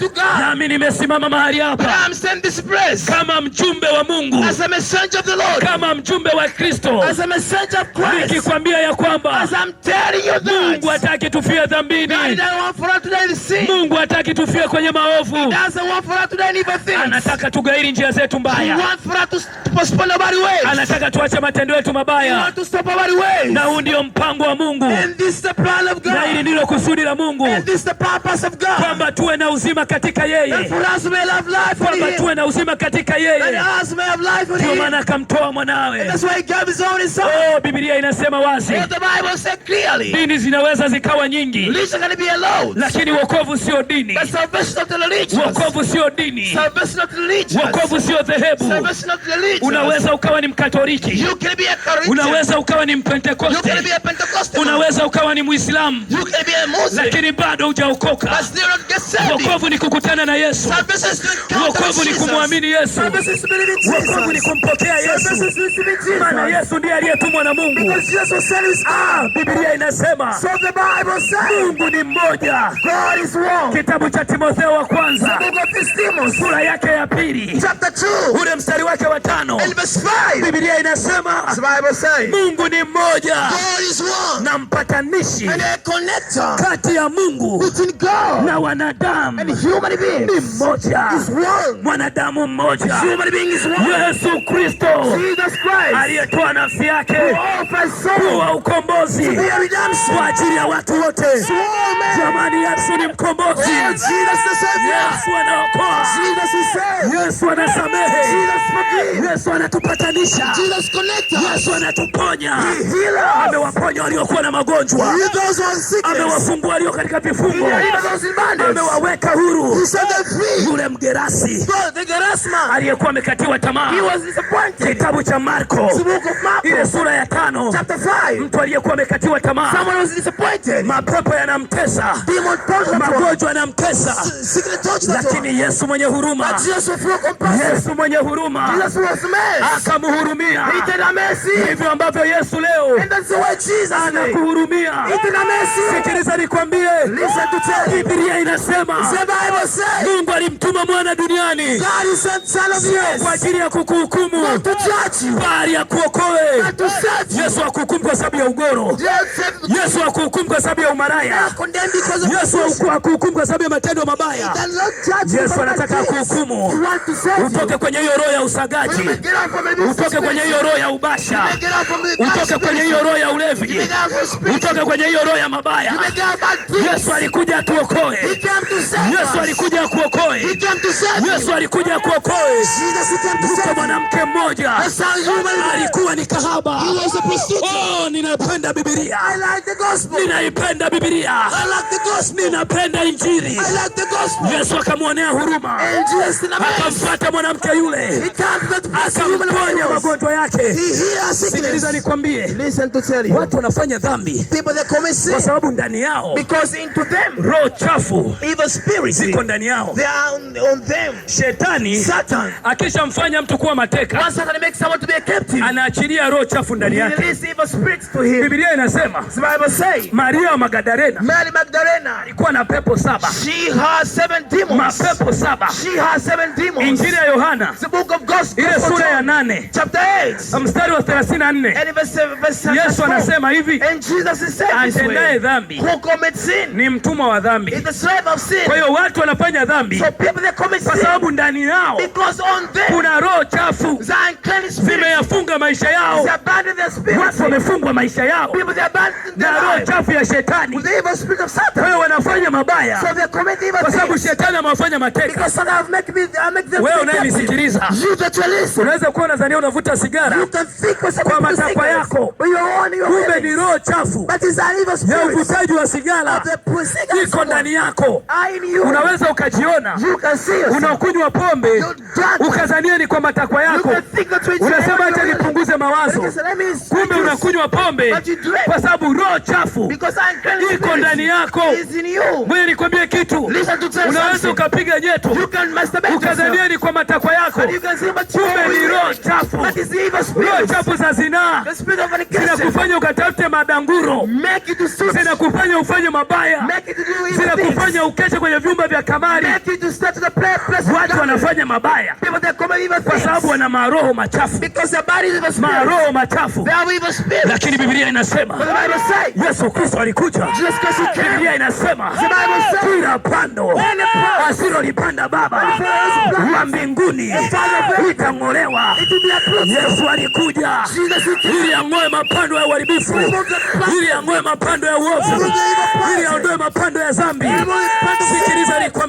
to nami nimesimama mahali hapa kama mjumbe wa Mungu, kama mjumbe wa Kristo, nikikwambia ya kwamba Mungu hataki tufie dhambini. Mungu hataki tufie kwenye maovu, anataka tugairi njia zetu mbaya, anataka tuache matendo yetu mabaya, na huu ndio mpango wa Mungu, na hili ndilo kusudi la Mungu kwamba tuwe na uzima katika katika yeye, kwamba tuwe na uzima katika yeye. Ndio maana akamtoa mwanawe. Oh, Biblia inasema wazi, dini zinaweza zikawa nyingi, lakini wokovu sio dini. Wokovu sio dini, wokovu sio dhehebu. Unaweza ukawa ni Mkatoliki, unaweza ukawa ni Mpentekoste, unaweza ukawa ni Muislamu, lakini bado hujaokoka. Wokovu ni kukuta kuachana na Yesu. Wokovu ni kumwamini Yesu. Wokovu ni kumpokea Yesu. Maana Yesu ndiye aliyetumwa na Mungu. Ah, Biblia inasema so Mungu ni mmoja. Kitabu cha Timotheo wa kwanza sura yake ya pili ule mstari wake wa tano Biblia inasema Mungu ni mmoja na mpatanishi kati ya Mungu na wanadamu ni mmoja, mwanadamu mmoja, Yesu Kristo aliyetoa nafsi yake kuwa ukombozi kwa ajili ya watu wote. Jamani, Yesu ni mkombozi. Yesu anaokoa, Yesu anasamehe, Yesu anatupatanisha, Yesu anatuponya amewaponya waliokuwa na magonjwa, amewafungua walio katika vifungo, amewaweka huru. Yule mgerasi aliyekuwa amekatiwa tamaa, kitabu cha Marko ile sura ya tano, mtu aliyekuwa amekatiwa tamaa, mapepo yanamtesa, magonjwa yanamtesa, lakini Yesu mwenye huruma, Yesu mwenye huruma akamhurumia, hivyo ambavyo Yesu leo anakuhurumia. Sikiliza nikwambie, Biblia inasema Mungu alimtuma mwana duniani sio kwa ajili ya kukuhukumu, bali ya kuokoe. Yesu hakuhukumu kwa sababu ya ugoro. Yesu hakuhukumu kwa sababu ya umaraya. Yesu hakuhukumu kwa sababu ya matendo mabaya. Yesu anataka kuhukumu, utoke kwenye hiyo roho ya usagaji, utoke kwenye hiyo roho ya ubasha, utoke kwenye hiyo roho ya ule ulevi, utoke kwenye hiyo roho ya mabaya. Yesu alikuja atuokoe, Yesu alikuja kuokoe, Yesu alikuja kuokoe. Yuko mwanamke mmoja alikuwa ni kahaba. Oh, ninapenda Biblia, ninaipenda Biblia, ninapenda Injili. Yesu akamwonea huruma, akamfuata mwanamke yule, akamponya magonjwa yake. Sikiliza nikwambie watu wanafanya dhambi kwa sababu ndani yao roho chafu ziko ndani yao. Shetani akishamfanya mtu kuwa mateka, anaachilia roho chafu ndani yake. Biblia inasema Maria Magdalena alikuwa na pepo saba, mapepo saba. Injili ya Yohana ile sura ya nane mstari wa 34 Yesu anasema hivi, atendaye dhambi ni mtumwa wa dhambi. Kwa hiyo watu wanafanya dhambi kwa sababu ndani yao kuna roho chafu zimeyafunga maisha yao. Watu wamefungwa maisha yao na roho chafu ya shetani, kwa hiyo wanafanya mabaya kwa sababu shetani amewafanya mateka. unayenisikiliza unaweza kuwa nazania unavuta sigara kwa matakwa yako. Kumbe ni roho chafu ya uvutaji wa sigara iko ndani yako. Unaweza ukajiona unakunywa pombe ukazania ni kwa matakwa yako, unasema acha nipunguze mawazo. Kumbe unakunywa pombe kwa sababu roho chafu iko ndani yako. Mwenye nikwambie kitu, unaweza ukapiga nyeto ukazania ni kwa matakwa yako, kumbe ni roho chafu, roho chafu za zinaa zinakufanya ukatafute madanguro, zinakufanya ufanye mabaya, zinakufanya ukeche kwenye vyumba vya kamari. Watu wanafanya mabaya kwa sababu wana maroho machafu, maroho machafu. Lakini Biblia inasema Yesu Kristo alikuja. Biblia inasema kila pando asilolipanda Baba wa mbinguni litang'olewa. Yesu alikuja ili ang'oe mapando ya uharibifu, ili ang'oe mapando ya uovu, ili aondoe mapando ya dhambi. Sikiliza nikwambie.